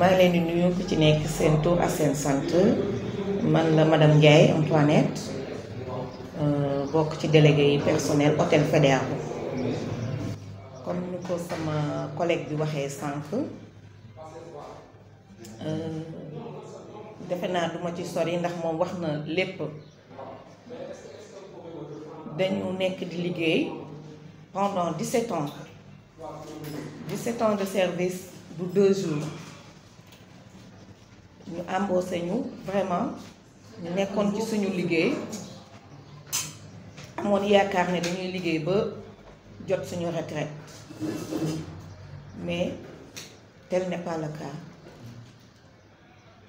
maa ngi leen di nuyu ku ci nekk seen tur ak sant man la madame Ndiaye Antoinette euh, bokk ci délégué yi personnel hôtel Faidherbe comme ni ko sama collègue bi waxee sànq euh, defe naa duma ci sori ndax moom wax na lépp dañu nekk di liggéey pendant 17 ans 17 ans de service du 2 jours. ñu embauché ñu vraiment ñu nekkoon ci suñu liggéey amoon yaakaar ne dañuy liggéey ba jot suñu retret mais tel n'est pas le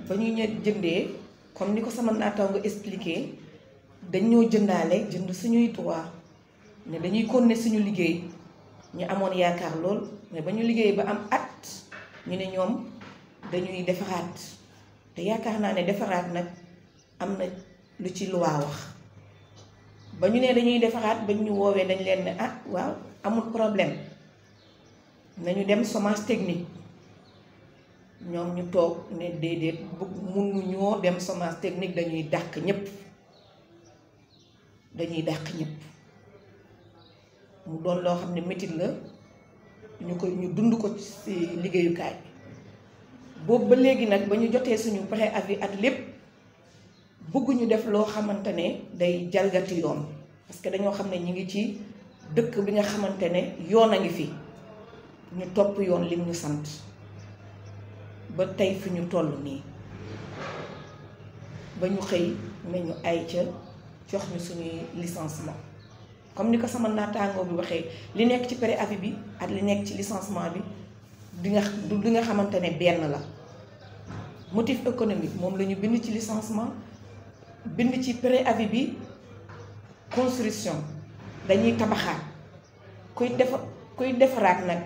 ba ñu ñë jëndee comme ni ko sama naataango expliqué dañoo jëndaale jënd suñuy droit ne dañuy continuer suñu liggéey ñu amoon yaakaar lool mais ba ñu liggéey ba am at ñu ne ñoom dañuy defaraat te yaakaar naa ne defaraat nag am na lu ci luwaa wax ba ñu ne dañuy defaraat ba ñu woowee dañ leen ne ah waaw amul problème nañu dem chômage technique ñoom ñu toog ne déedéet bu mënuñoo dem chômage technique dañuy dàq ñépp dañuy dàq ñépp mu doon loo xam ne métit la ñu ko ñu dund ko ci liggéeyukaay bi boobu ba léegi nag ba ñu jotee suñu préavis ak lépp bëgguñu def loo xamante ne day jalgati yoon parce que dañoo xam ne ñi ngi ci dëkk bi nga xamante ne yoon a ngi fi ñu topp yoon lim ñu sant ba tey fi ñu toll nii ba ñu xëy ne ñu ay ca jox ñu suñuy licenciement comme ni ko sama naataangoo bi waxee li nekk ci préavis bi ak li nekk ci licenciement bi di nga du li nga xamante ne benn la motif économique moom la ñu bind ci licenciement bind ci préavis bi construction dañuy tabaxaat kuy defa kuy defaraat nag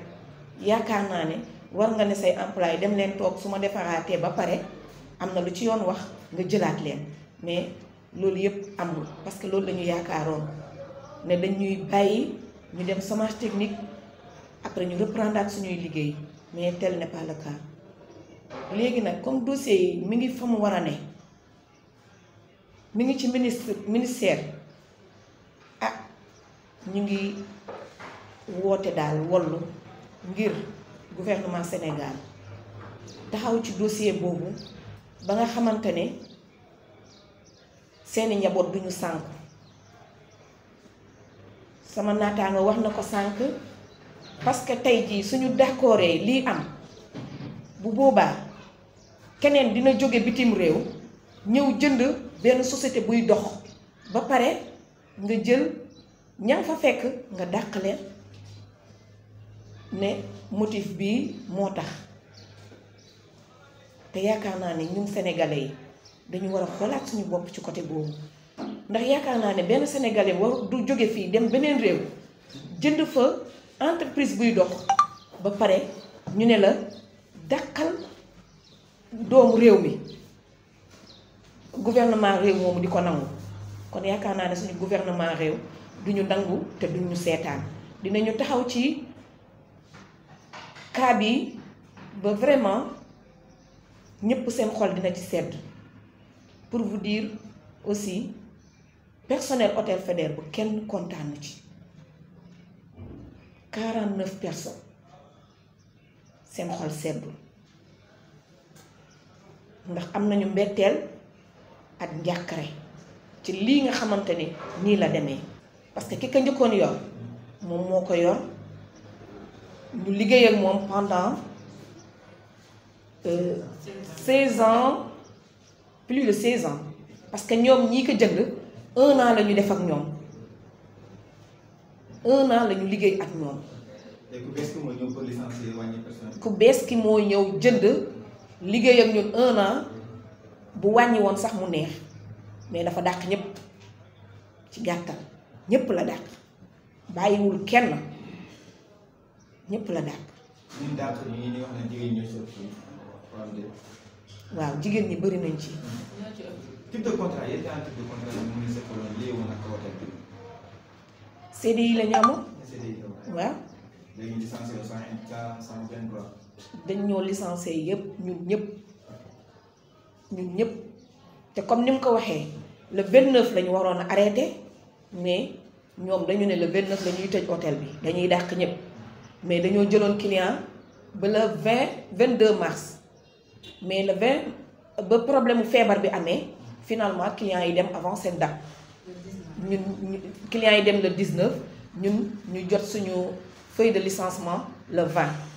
yaakaar naa ne war nga ne say employé dem leen toog su ma defaraatee ba pare am na lu ci yoon wax nga jëlaat leen mais loolu yëpp amul parce que loolu la ñu yaakaaroon ne dañuy bàyyi ñu dem chômage technique après ñu reprendre suñuy liggéey mais tel n'est pas le léegi nag comme dossier yi mi ngi fa mu war a ne mi ngi ci ministre ministère ah ñu ngi woote daal wollu ngir gouvernement Sénégal taxaw ci dossier boobu ba nga xamante ne seeni njaboot duñu sànk sama naataango wax na ko sànk parce que tey jii suñu d'accordee lii am bu boobaa keneen dina jóge bitim réew ñëw jënd benn société buy dox ba pare nga jël ña fa fekk nga dàq ne motif bii moo tax te yaakaar naa ne ñun sénégalais yi dañu war a xoolaat suñu bopp ci côté boobu ndax yaakaar naa ne benn sénégalais war du jóge fii dem beneen réew jënd fa entreprise buy dox ba pare ñu ne la dàqal doomu réew mi gouvernement réew moomu di ko nangu kon yaakaar naa ne suñu gouvernement réew duñu nangu te duñu seetaan dinañu taxaw ci cas bi ba vraiment ñëpp seen xol dina ci sedd pour vous dire aussi personnel hôtel Faidherbe bu kenn kontaan na ci 49 personnes. seen xol seddul ndax am nañu mbetteel ak njàqare ci lii nga xamante ni nii la demee parce que ki ka njëkkoon yor moom moo ko yor ñu liggéey ak moom pendant euh, seize ans plus de seize ans parce que ñoom ñii ko jënd un an la ñu def ak ñoom un an liggéey ak ñoom ku bees ki moo ñëw jënd liggéey ak ñun bu wàññi woon sax mu neex mais dafa dàq ñépp ci gàttal ñépp la dàq bàyyiwul kenn ñépp la dàq waaw jigéen ñi bari nañ ci CDI la ñu amoon waaw dañu licencié wu cent cent vingt dañ ñoo licencié yëpp ñun ñëpp ñun ñëpp te comme ni mu ko waxee le vingt neuf la ñu waroon a arrêté mais ñoom dañu ne le vingt neuf la ñuy tëj hôtel bi dañuy dàq ñëpp mais dañoo jëloon client ba le vingt vingt deux mars mais le vingt ba problème feebar bi amee finalement clients yi dem avant seen date ñun clients yi dem le dix neuf ñun ñu jot suñu. feuille de licenciement le 20